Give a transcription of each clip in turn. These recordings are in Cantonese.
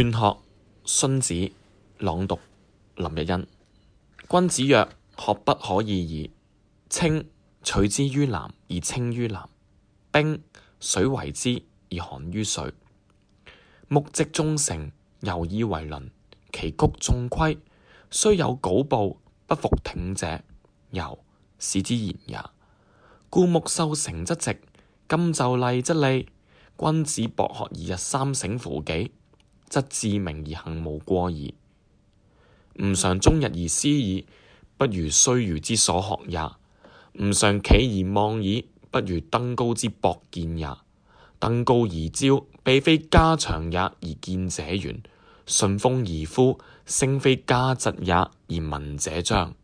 勸學荀子朗讀林日恩。君子曰：學不可以已。青，取之於藍而青於藍；冰，水為之而寒於水。木直中成，由以為輪；其谷中規，雖有稿布，不復挺者，由使之然也。故木受成則直，金就礪則利。君子博學而日三省乎己。則志明而行無過矣。吾嘗終日而思矣，不如須臾之所學也；吾嘗企而望矣，不如登高之博見也。登高而招，臂非加長也，而見者遠；順風而呼，聲非加疾也，而聞者彰。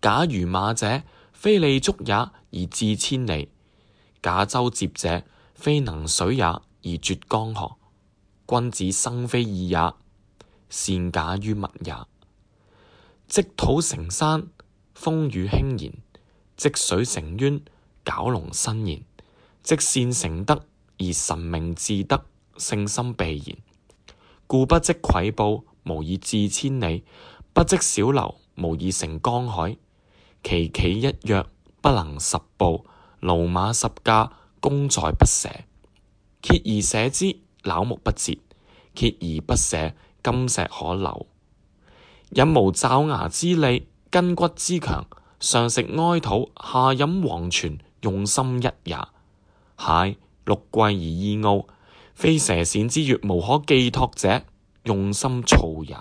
假輿馬者，非利足也，而致千里；假舟楫者，非能水也，而絕江河。君子生非異也，善假於物也。積土成山，風雨興焉；積水成淵，蛟龍生焉；積善成德，而神明至德，聖心備然。故不積跬步，無以至千里；不積小流，無以成江海。其驥一躍，不能十步；駑馬十駕，功在不舍。鍥而舍之，朽木不折，鍥而不捨，金石可鏤。蚓無爪牙之利，筋骨之強，上食埃土，下飲黃泉，用心一也。蟹，六跪而二螯，非蛇鱔之穴無可寄託者，用心躁也。